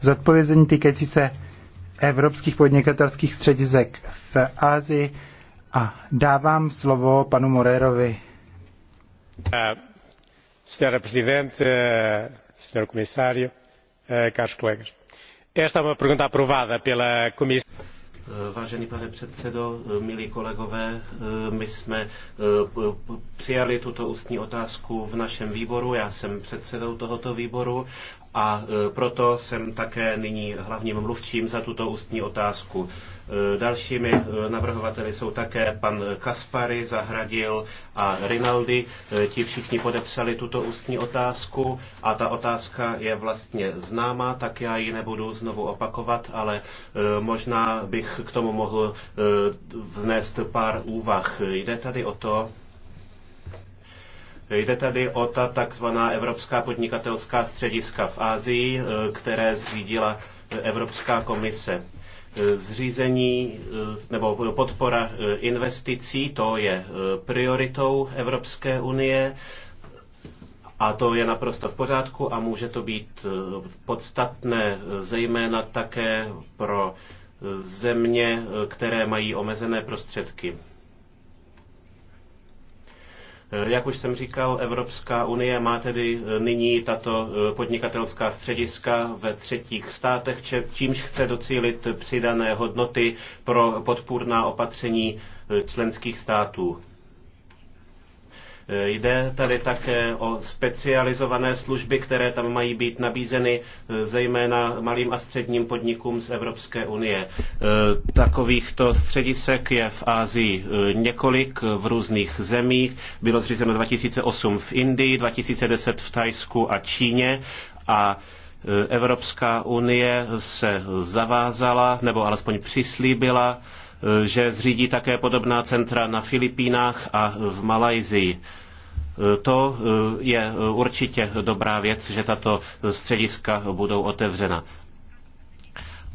zodpovězení týkající se evropských podnikatelských středisek v Ázii a dávám slovo panu Morerovi. Eh, senhora Presidente, eh, Senhor Comissário, eh, caros colegas. Esta é uma pergunta aprovada pela Comissão. Vážený pane předsedo, milí kolegové, my jsme přijali tuto ústní otázku v našem výboru. Já jsem předsedou tohoto výboru a e, proto jsem také nyní hlavním mluvčím za tuto ústní otázku. E, dalšími e, navrhovateli jsou také pan Kaspary, Zahradil a Rinaldi. Ti všichni podepsali tuto ústní otázku a ta otázka je vlastně známá, tak já ji nebudu znovu opakovat, ale možná bych k tomu mohl vnést pár úvah. Jde tady o to, Jde tady o ta takzvaná Evropská podnikatelská střediska v Ázii, eh, které zřídila eh, Evropská komise eh, zřízení nebo podpora investicí, to je prioritou Evropské unie a to je naprosto v pořádku a může to být podstatné zejména také pro země, které mají omezené prostředky. Eh, jak už jsem říkal, Evropská unie má tedy eh, nyní tato eh, podnikatelská střediska ve třetích státech, čímž chce docílit přidané hodnoty pro podpůrná opatření členských států. Eh, jde tady také o specializované služby, které tam mají být nabízeny eh, zejména malým a středním podnikům z Evropské unie. Eh, takovýchto středisek je v Ázii několik v různých zemích. Bylo zřízeno 2008 v Indii, 2010 v Tajsku a Číně a Evropská unie se zavázala, nebo alespoň přislíbila, Eh, že zřídí také podobná centra na Filipínách a v Malajsii. Eh, to eh, je určitě dobrá věc, že tato střediska budou otevřena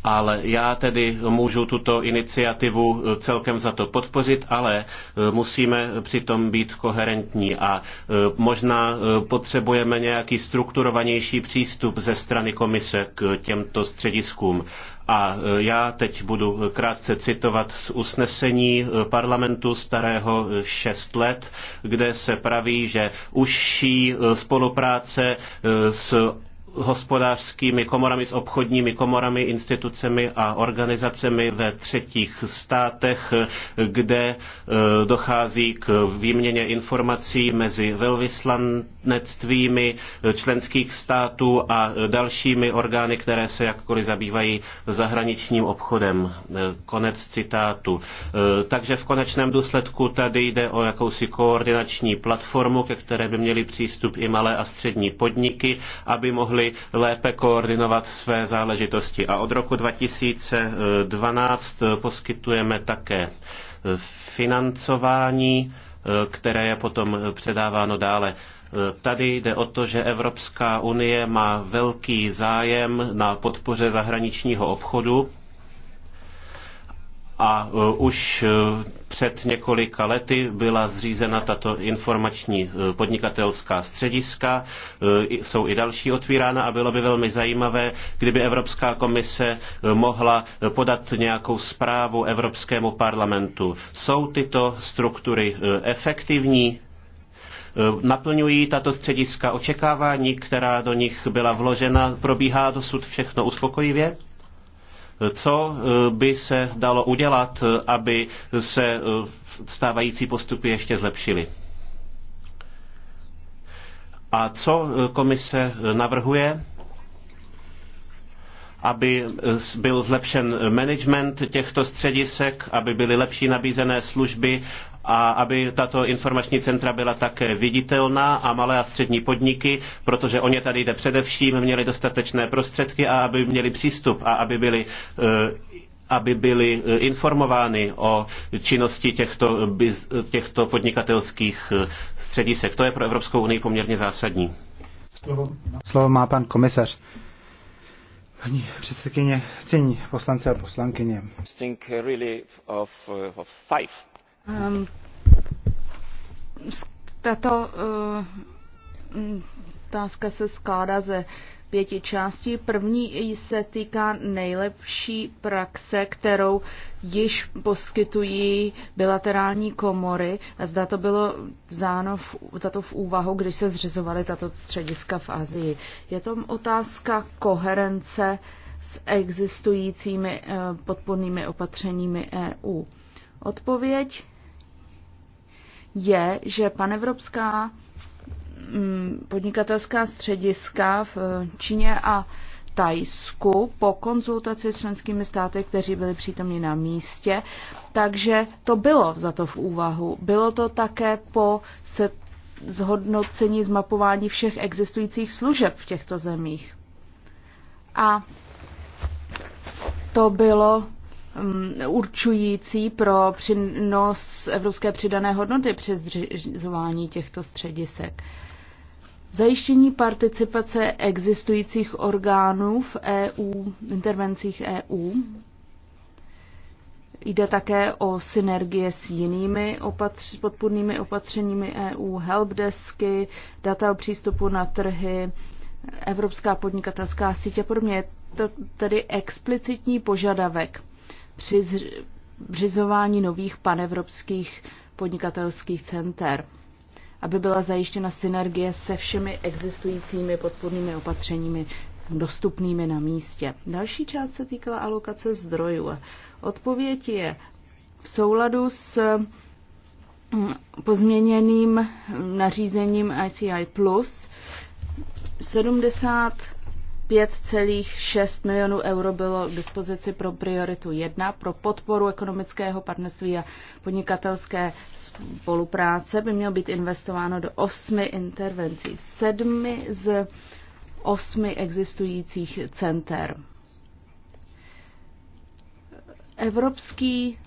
ale já tedy můžu tuto iniciativu eh, celkem za to podpořit, ale eh, musíme přitom být koherentní a eh, možná potřebujeme nějaký strukturovanější přístup ze strany komise k těmto střediskům. A já teď budu krátce citovat z usnesení parlamentu starého 6 let, kde se praví, že užší spolupráce s hospodářskými komorami, s obchodními komorami, institucemi a organizacemi ve třetích státech, kde e, dochází k výměně informací mezi velvyslanectvími členských států a dalšími orgány, které se jakkoliv zabývají zahraničním obchodem. E, konec citátu. E, takže v konečném důsledku tady jde o jakousi koordinační platformu, ke které by měly přístup i malé a střední podniky, aby mohly mohli lépe koordinovat své záležitosti. A od roku 2012 poskytujeme také financování, které je potom předáváno dále. Tady jde o to, že Evropská unie má velký zájem na podpoře zahraničního obchodu a e, už e, před několika lety byla zřízena tato informační e, podnikatelská střediska, jsou i další otvírána a bylo by velmi zajímavé, kdyby Evropská komise mohla podat nějakou zprávu Evropskému parlamentu. Jsou tyto struktury efektivní? naplňují tato střediska očekávání, která do nich byla vložena, probíhá dosud všechno uspokojivě? Co eh, by se dalo udělat, eh, aby se eh, stávající postupy ještě zlepšily? A co komise navrhuje? aby byl zlepšen management těchto středisek, aby byly lepší nabízené služby a aby tato informační centra byla také viditelná a malé a střední podniky, protože o ně tady jde především, měly dostatečné prostředky a aby měli přístup a aby byli eh, aby byly eh, informovány o činnosti těchto, těchto podnikatelských eh, středisek. To je pro Evropskou unii poměrně zásadní. Slovo, má pan komisař. Paní předsedkyně, cení poslance a poslankyně. Think really of five Um, tato uh, otázka se skládá ze pěti částí. První se týká nejlepší praxe, kterou již poskytují bilaterální komory. Zda to bylo záno v, tato v úvahu, když se zřizovaly tato střediska v Azii. Je to otázka koherence s existujícími eh, podpornými opatřeními EU. Odpověď je, že panevropská mm, podnikatelská střediska v eh, Číně a Tajsku po konzultaci s členskými státy, kteří byli přítomni na místě. Takže to bylo za to v úvahu. Bylo to také po se zhodnocení zmapování všech existujících služeb v těchto zemích. A to bylo Um, určující pro přínos evropské přidané hodnoty při zřizování těchto středisek. Zajištění participace existujících orgánů v EU, intervencích EU. Jde také o synergie s jinými opatř- podpůrnými opatřeními EU, helpdesky, data o přístupu na trhy, evropská podnikatelská sítě a podobně. Je to tedy explicitní požadavek při zřizování nových panevropských podnikatelských center, aby byla zajištěna synergie se všemi existujícími podpornými opatřeními dostupnými na místě. Další část se týkala alokace zdrojů. Odpověď je v souladu s mm, pozměněným nařízením ICI Plus 70 5,6 milionů euro bylo k dispozici pro prioritu 1 pro podporu ekonomického partnerství a podnikatelské spolupráce by mělo být investováno do osmi intervencí. Sedmi z osmi existujících center. Evropský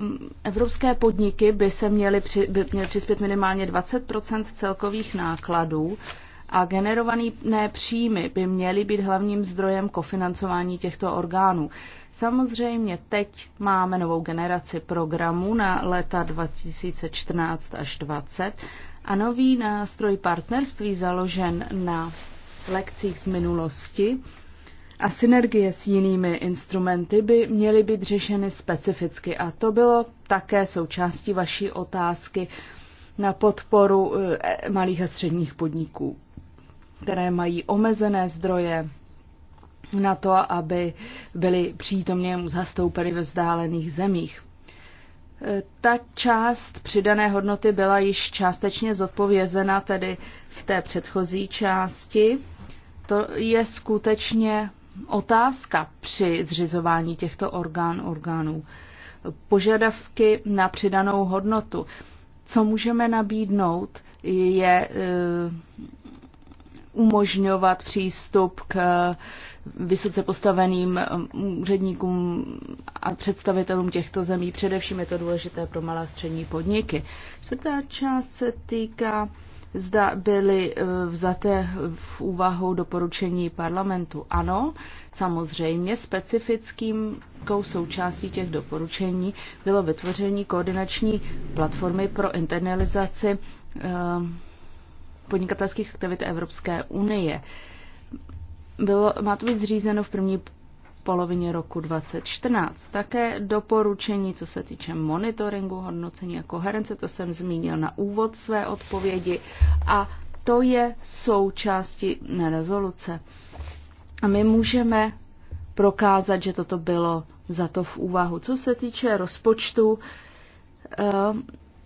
mm, Evropské podniky by se měly, při, by měly přispět minimálně 20 celkových nákladů a generované příjmy by měly být hlavním zdrojem kofinancování těchto orgánů. Samozřejmě teď máme novou generaci programů na leta 2014 až 2020 a nový nástroj partnerství založen na lekcích z minulosti a synergie s jinými instrumenty by měly být řešeny specificky. A to bylo také součástí vaší otázky na podporu eh, malých a středních podniků které mají omezené zdroje na to, aby byly přítomně zastoupeny ve vzdálených zemích. E, ta část přidané hodnoty byla již částečně zodpovězena tedy v té předchozí části. To je skutečně otázka při zřizování těchto orgán orgánů. Požadavky na přidanou hodnotu. Co můžeme nabídnout, je e, umožňovat přístup k eh, vysoce postaveným eh, úředníkům a představitelům těchto zemí. Především je to důležité pro malé a střední podniky. Čtvrtá část se týká, zda byly eh, vzaté v úvahu doporučení parlamentu. Ano, samozřejmě specifickým součástí těch doporučení bylo vytvoření koordinační platformy pro internalizaci podnikatelských aktivit Evropské unie. Bylo, má to být zřízeno v první polovině roku 2014. Také doporučení, co se týče monitoringu, hodnocení a koherence, to jsem zmínil na úvod své odpovědi a to je součástí na rezoluce. A my můžeme prokázat, že toto bylo za to v úvahu. Co se týče rozpočtu, eh,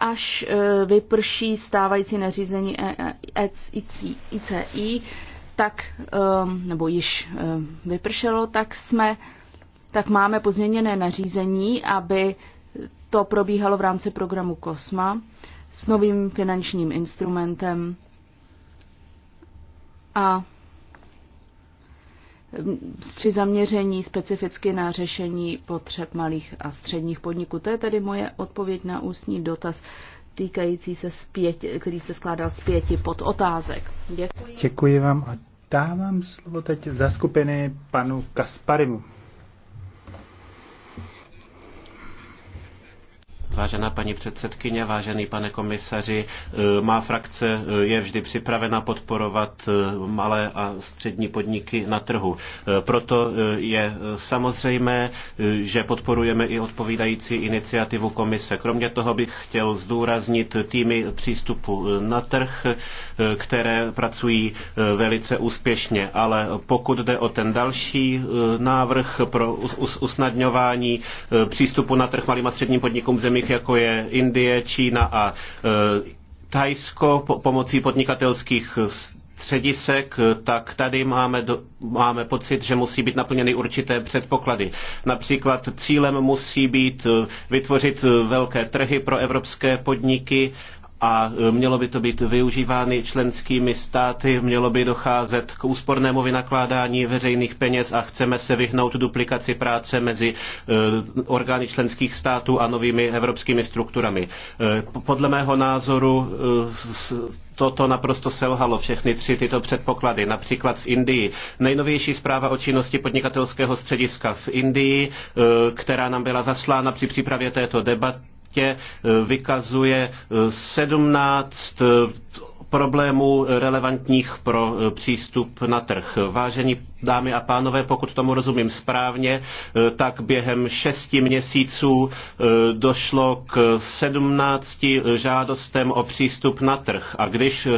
až e, vyprší stávající nařízení ICI, e, e, tak, nebo již vypršelo, tak jsme, tak máme pozměněné nařízení, aby to probíhalo v rámci programu COSMA s novým finančním instrumentem a při zaměření specificky na řešení potřeb malých a středních podniků. To je tedy moje odpověď na ústní dotaz týkající se z který se skládal z pěti pod otázek. Děkuji. Děkuji vám a dávám slovo teď za skupiny panu Kasparimu. Vážená paní předsedkyně, vážený pane komisaři, eh, má frakce eh, je vždy připravena podporovat eh, malé a střední podniky na trhu. Proto je samozřejmé, že podporujeme i odpovídající iniciativu komise. Kromě toho bych chtěl zdůraznit týmy přístupu na trh, které pracují velice úspěšně, ale pokud jde o ten další návrh pro usnadňování přístupu na trh malým a středním podnikům zemí, zemích, jako je Indie, Čína a e, Tajsko pomocí podnikatelských středisek, tak tady máme, do, máme pocit, že musí být naplněny určité předpoklady. Například cílem musí být e, vytvořit e, velké trhy pro evropské podniky a e, mělo by to být využívány členskými státy, mělo by docházet k úspornému vynakládání veřejných peněz a chceme se vyhnout duplikaci práce mezi e, orgány členských států a novými evropskými strukturami. E, podle mého názoru toto naprosto selhalo, všechny tři tyto předpoklady. Například v Indii. Nejnovější zpráva o činnosti podnikatelského střediska v Indii, která nám byla zaslána při přípravě této debaty, tě eh, vykazuje 17 eh, eh, problémů relevantních pro přístup na trh. Vážení dámy a pánové, pokud tomu rozumím správně, tak během šesti měsíců došlo k sedmnácti žádostem o přístup na trh. A když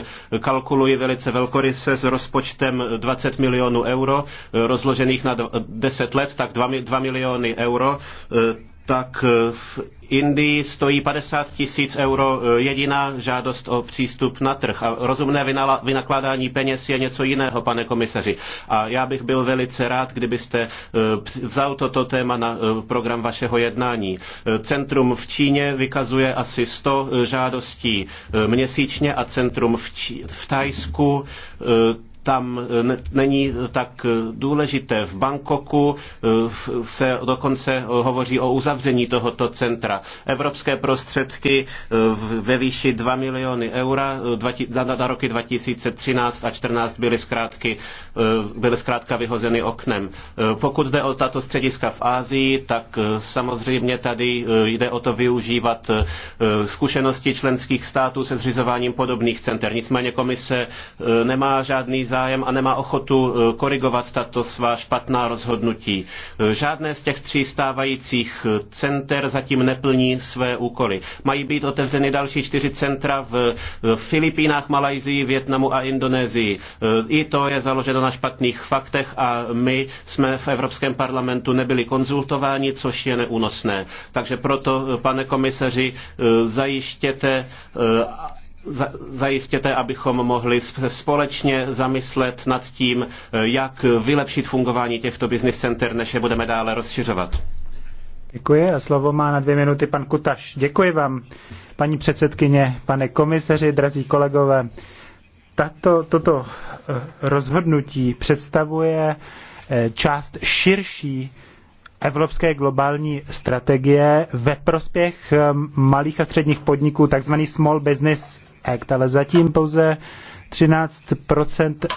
kalkuluji velice velkoryse s rozpočtem 20 milionů euro, rozložených na 10 let, tak 2 miliony euro, tak eh, v Indii stojí 50 tisíc euro eh, jediná žádost o přístup na trh. A rozumné vynakládání peněz je něco jiného, pane komisaři. A já bych byl velice rád, kdybyste eh, vzal toto téma na program vašeho jednání. Centrum v Číně vykazuje asi 100 žádostí měsíčně a centrum v, Čí- v Tajsku tam eh, není tak eh, důležité. V Bangkoku eh, se dokonce hovoří o uzavření tohoto centra. Evropské prostředky ve výši 2 miliony eura na roky 2013 a 2014 byly, zkrátky, byly zkrátka vyhozeny oknem. Pokud jde o tato střediska v Ázii, tak samozřejmě tady jde o to využívat zkušenosti členských států se zřizováním podobných center. Nicméně komise nemá žádný zájem a nemá ochotu eh, korigovat tato svá špatná rozhodnutí. Eh, žádné z těch tří stávajících eh, center zatím neplní své úkoly. Mají být otevřeny další čtyři centra v Filipínách, Malajzii, Větnamu a Indonésii. I to je založeno na špatných faktech a my jsme v Evropském parlamentu nebyli konzultováni, což je neúnosné. Takže proto, pane komisaři, zajištěte zajistěte, abychom mohli společně zamyslet nad tím, eh, jak vylepšit fungování těchto business center, než je budeme dále rozšiřovat. Děkuji a slovo má na dvě minuty pan Kutaš. Děkuji vám, paní předsedkyně, pane komisaři, drazí kolegové. Tato, toto eh, rozhodnutí představuje eh, část širší evropské globální strategie ve prospěch malých a středních podniků, takzvaný Small Business Act, ale zatím pouze 13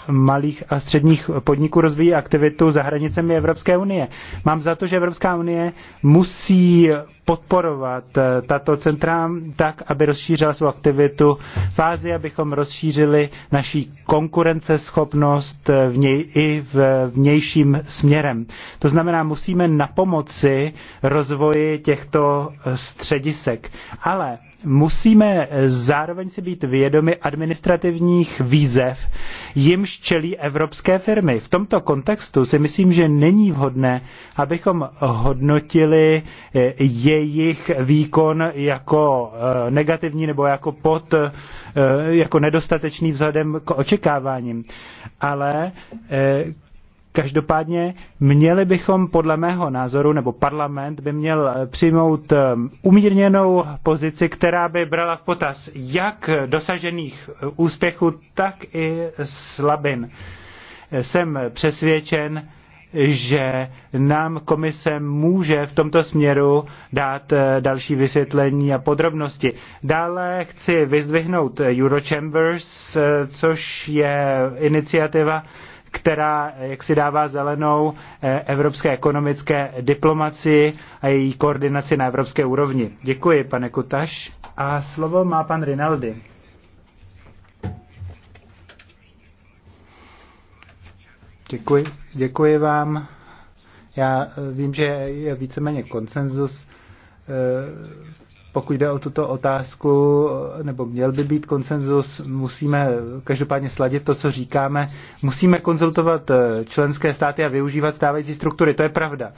malých a středních podniků rozvíjí aktivitu za hranicemi Evropské unie. Mám za to, že Evropská unie musí podporovat eh, tato centra tak, aby rozšířila svou aktivitu v Ázii, abychom rozšířili naší konkurenceschopnost eh, v něj, i v vnějším směrem. To znamená, musíme na pomoci rozvoji těchto středisek. Ale musíme zároveň si být vědomi administrativních výzev, jimž čelí evropské firmy. V tomto kontextu si myslím, že není vhodné, abychom hodnotili eh, jejich výkon jako eh, negativní nebo jako pod, eh, jako nedostatečný vzhledem k očekáváním. Ale Každopádně měli bychom podle mého názoru, nebo parlament by měl eh, přijmout eh, umírněnou pozici, která by brala v potaz jak dosažených eh, úspěchů, tak i slabin. Jsem přesvědčen, že nám komise může v tomto směru dát další vysvětlení a podrobnosti. Dále chci vyzdvihnout Eurochambers, což je iniciativa, která jak si dává zelenou eh, evropské ekonomické diplomacii a její koordinaci na evropské úrovni. Děkuji, pane Kutaš. A slovo má pan Rinaldi. Děkuji, děkuji vám. Já eh, vím, že je víceméně konsenzus v eh, pokud jde o tuto otázku, nebo měl by být konsenzus, musíme každopádně sladit to, co říkáme. Musíme konzultovat eh, členské státy a využívat stávající struktury, to je pravda.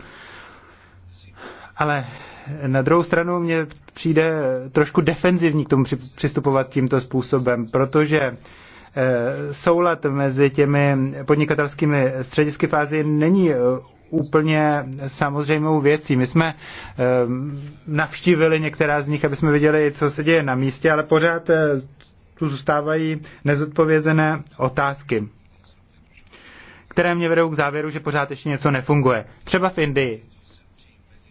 Ale na druhou stranu mě přijde trošku defenzivní k tomu přistupovat tímto způsobem, protože eh, soulad mezi těmi podnikatelskými středisky fázi není eh, úplně samozřejmou věcí. My jsme ehm, navštívili některá z nich, aby jsme viděli, co se děje na místě, ale pořád eh, tu zůstávají nezodpovězené otázky, které mě vedou k závěru, že pořád ještě něco nefunguje. Třeba v Indii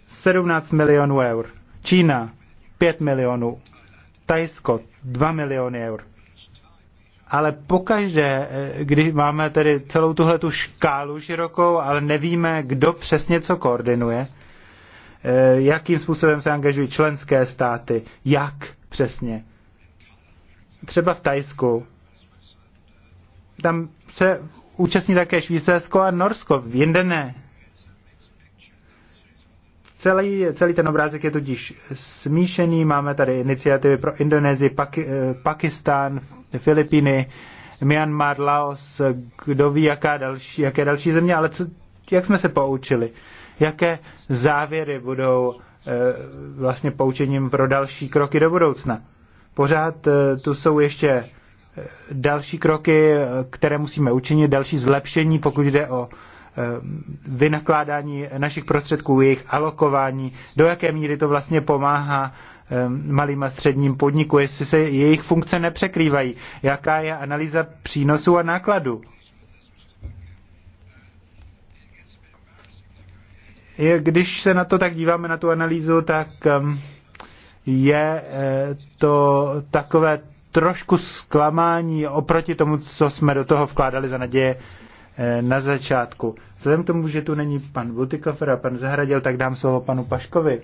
17 milionů eur, Čína 5 milionů, Tajsko 2 miliony eur ale pokaždé, eh, když máme tedy celou tuhle tu škálu širokou, ale nevíme, kdo přesně co koordinuje, eh, jakým způsobem se angažují členské státy, jak přesně. Třeba v Tajsku. Tam se účastní také Švýcarsko a Norsko, jinde ne. Celý, celý ten obrázek je tudíž smíšený. Máme tady iniciativy pro Indonésii, Paki, eh, Pakistán, Filipíny, Myanmar, Laos, kdo ví, jaká další, jaké další země, ale co, jak jsme se poučili? Jaké závěry budou e, vlastně poučením pro další kroky do budoucna? Pořád e, tu jsou ještě další kroky, které musíme učinit, další zlepšení, pokud jde o Eh, vynakládání našich prostředků, jejich alokování, do jaké míry to vlastně pomáhá eh, malým a středním podniku, jestli se jejich funkce nepřekrývají, jaká je analýza přínosů a nákladu? Když se na to tak díváme, na tu analýzu, tak ehm, je eh, to takové trošku zklamání oproti tomu, co jsme do toho vkládali za naděje, Eh, na začátku. Vzhledem k tomu, že tu není pan Butikofer a pan Zahradil, tak dám slovo panu Paškovi.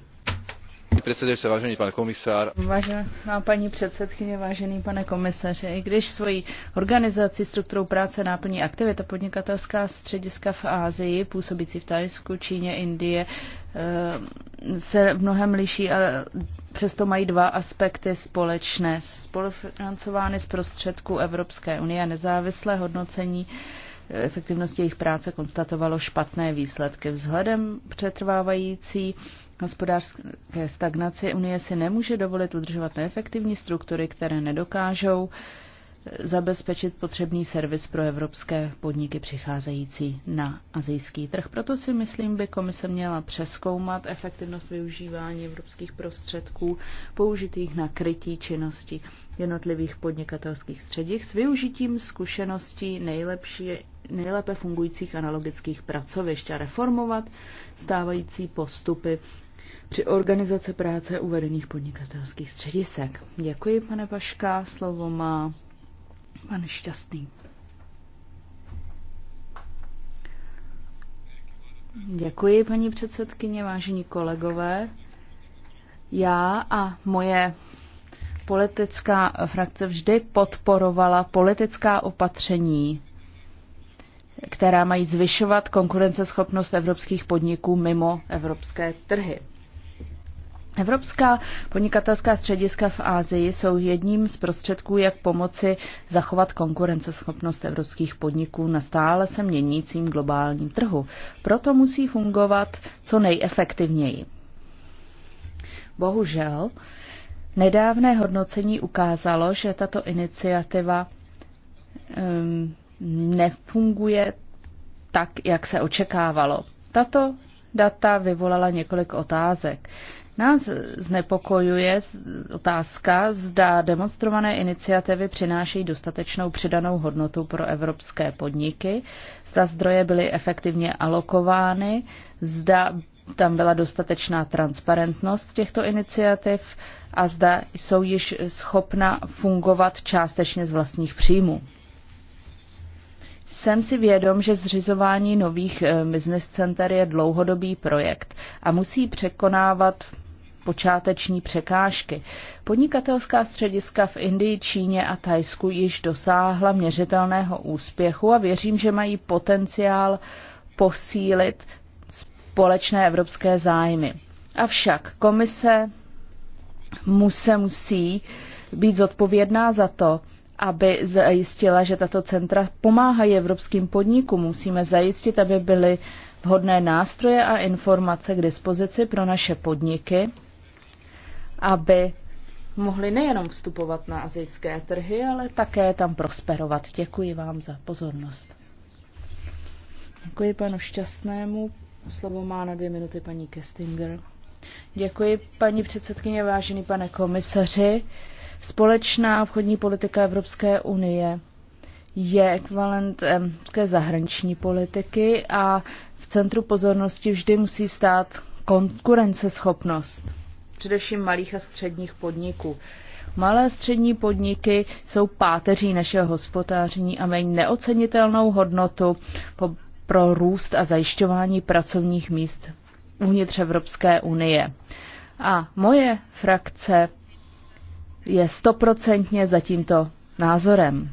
se, vážený pan komisár. Vážená paní předsedkyně, vážený pane komisaře, i když svoji organizaci, strukturou práce, náplní aktivita podnikatelská střediska v Ázii, působící v Tajsku, Číně, Indie, eh, se v mnohem liší ale přesto mají dva aspekty společné. Spolufinancovány z prostředků Evropské unie a nezávislé hodnocení efektivnosti jejich práce konstatovalo špatné výsledky. Vzhledem přetrvávající hospodářské stagnaci Unie si nemůže dovolit udržovat neefektivní struktury, které nedokážou zabezpečit potřebný servis pro evropské podniky přicházející na azijský trh. Proto si myslím, by komise měla přeskoumat efektivnost využívání evropských prostředků použitých na krytí činnosti jednotlivých podnikatelských středích s využitím zkušeností nejlepší, nejlépe fungujících analogických pracovišť a reformovat stávající postupy při organizaci práce uvedených podnikatelských středisek. Děkuji, pane Paška. Slovo má Pane Šťastný. Děkuji, paní předsedkyně, vážení kolegové. Já a moje politická frakce vždy podporovala politická opatření, která mají zvyšovat konkurenceschopnost evropských podniků mimo evropské trhy. Evropská podnikatelská střediska v Ázii jsou jedním z prostředků, jak pomoci zachovat konkurenceschopnost evropských podniků na stále se měnícím globálním trhu. Proto musí fungovat co nejefektivněji. Bohužel, nedávné hodnocení ukázalo, že tato iniciativa um, nefunguje tak, jak se očekávalo. Tato data vyvolala několik otázek. Nás znepokojuje otázka, zda demonstrované iniciativy přinášejí dostatečnou přidanou hodnotu pro evropské podniky, zda zdroje byly efektivně alokovány, zda tam byla dostatečná transparentnost těchto iniciativ a zda jsou již schopna fungovat částečně z vlastních příjmů. Jsem si vědom, že zřizování nových eh, business center je dlouhodobý projekt a musí překonávat počáteční překážky. Podnikatelská střediska v Indii, Číně a Tajsku již dosáhla měřitelného úspěchu a věřím, že mají potenciál posílit společné evropské zájmy. Avšak komise mu se musí být zodpovědná za to, aby zajistila, že tato centra pomáhají evropským podnikům. Musíme zajistit, aby byly vhodné nástroje a informace k dispozici pro naše podniky aby mohli nejenom vstupovat na azijské trhy, ale také tam prosperovat. Děkuji vám za pozornost. Děkuji panu Šťastnému. Slovo má na dvě minuty paní Kestinger. Děkuji paní předsedkyně, vážený pane komisaři. Společná obchodní politika Evropské unie je ekvivalent evropské zahraniční politiky a v centru pozornosti vždy musí stát konkurenceschopnost především malých a středních podniků. Malé střední podniky jsou páteří našeho hospodáření a mají neocenitelnou hodnotu pro růst a zajišťování pracovních míst uvnitř Evropské unie. A moje frakce je stoprocentně za tímto názorem.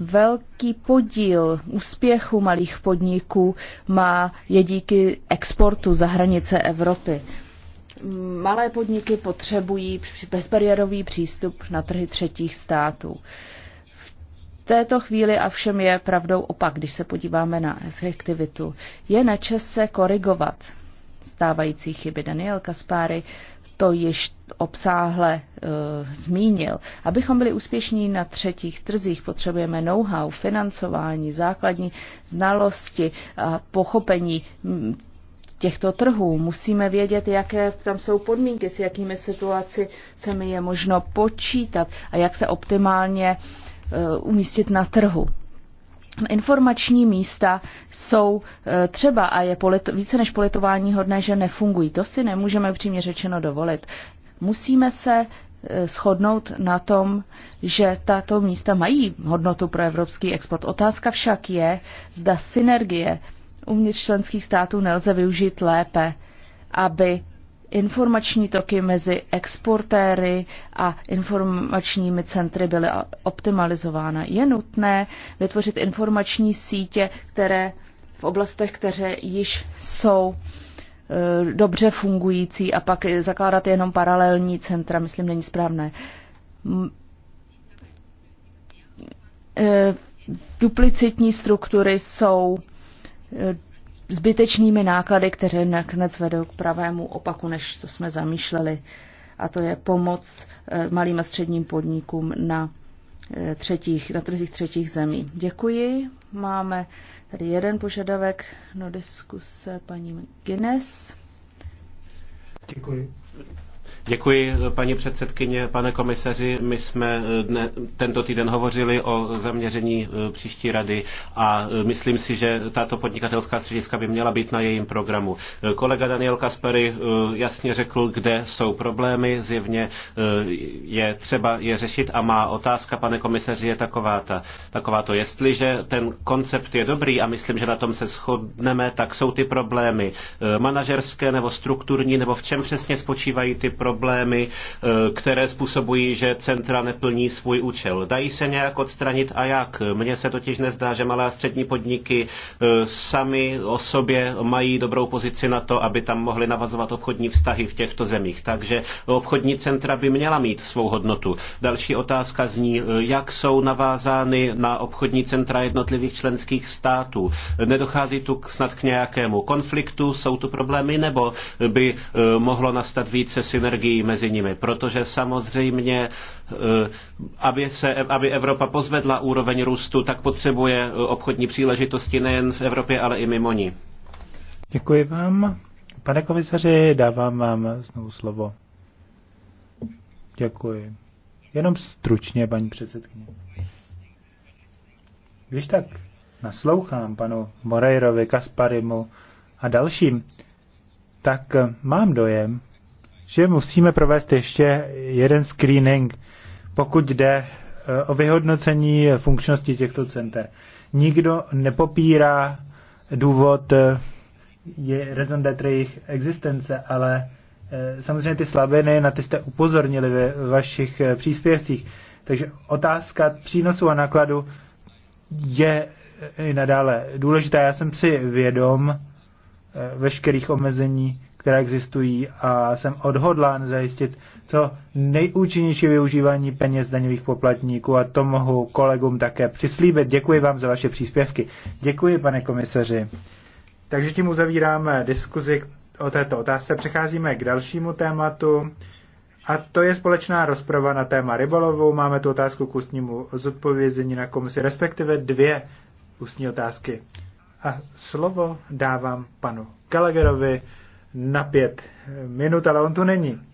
Velký podíl úspěchu malých podniků má je díky exportu za hranice Evropy. Malé podniky potřebují bezbariérový přístup na trhy třetích států. V této chvíli a všem je pravdou opak, když se podíváme na efektivitu. Je na čase korigovat stávající chyby. Daniel Kaspáry to již obsáhle e, zmínil. Abychom byli úspěšní na třetích trzích, potřebujeme know-how, financování, základní znalosti a pochopení mm, těchto trhů. Musíme vědět, jaké tam jsou podmínky, s jakými mi je možno počítat a jak se optimálně e, umístit na trhu. Informační místa jsou e, třeba a je polit, více než politování hodné, že nefungují. To si nemůžeme přímě řečeno dovolit. Musíme se e, shodnout na tom, že tato místa mají hodnotu pro evropský export. Otázka však je, zda synergie uvnitř členských států nelze využít lépe, aby informační toky mezi exportéry a informačními centry byly optimalizována. Je nutné vytvořit informační sítě, které v oblastech, které již jsou e, dobře fungující a pak zakládat jenom paralelní centra, myslím, není správné. E, duplicitní struktury jsou Eh, zbytečnými náklady, které nakonec vedou k pravému opaku, než co jsme zamýšleli. A to je pomoc eh, malým a středním podnikům na, eh, třetích, na trzích třetích zemí. Děkuji. Máme tady jeden požadavek do no diskuse paní Guinness. Děkuji. Děkuji, paní předsedkyně, pane komisaři. My jsme eh, dne, tento týden hovořili o zaměření eh, příští rady a eh, myslím si, že tato podnikatelská střediska by měla být na jejím programu. Kolega Daniel Kaspery jasně řekl, kde jsou problémy, zjevně je třeba je řešit a má otázka, pane komisaři, je taková, ta, taková to, jestliže ten koncept je dobrý a myslím, že na tom se shodneme, tak jsou ty problémy manažerské nebo strukturní, nebo v čem přesně spočívají ty problémy problémy, eh, které způsobují, že centra neplní svůj účel. Dají se nějak odstranit a jak? Mně se totiž nezdá, že malé a střední podniky eh, sami o sobě mají dobrou pozici na to, aby tam mohly navazovat obchodní vztahy v těchto zemích. Takže obchodní centra by měla mít svou hodnotu. Další otázka zní, eh, jak jsou navázány na obchodní centra jednotlivých členských států. Nedochází tu snad k nějakému konfliktu, jsou tu problémy, nebo by mohlo nastat více synergie synergii mezi nimi, protože samozřejmě, eh, aby, se, aby Evropa pozvedla úroveň růstu, tak potřebuje eh, obchodní příležitosti nejen v Evropě, ale i mimo ní. Děkuji vám. Pane komisaři, dávám vám znovu slovo. Děkuji. Jenom stručně, paní předsedkyně. Když tak naslouchám panu Morejrovi, Kasparimu a dalším, tak eh, mám dojem, že musíme provést ještě jeden screening, pokud jde eh, o vyhodnocení funkčnosti těchto center. Nikdo nepopírá důvod eh, je raison d'être jejich existence, ale eh, samozřejmě ty slabiny, na ty jste upozornili ve vašich příspěvcích. Takže otázka přínosu a nákladu je i nadále důležitá. Já jsem si vědom veškerých omezení, které existují a jsem odhodlán zajistit co nejúčinnější využívání peněz daňových poplatníků a to mohu kolegům také přislíbit. Děkuji vám za vaše příspěvky. Děkuji, pane komisaři. Takže tím uzavíráme diskuzi o této otázce. Přecházíme k dalšímu tématu. A to je společná rozprava na téma rybolovu. Máme tu otázku k ústnímu zodpovězení na komisi, respektive dvě ústní otázky. A slovo dávám panu Gallagherovi, na pět minut, ale on tu není.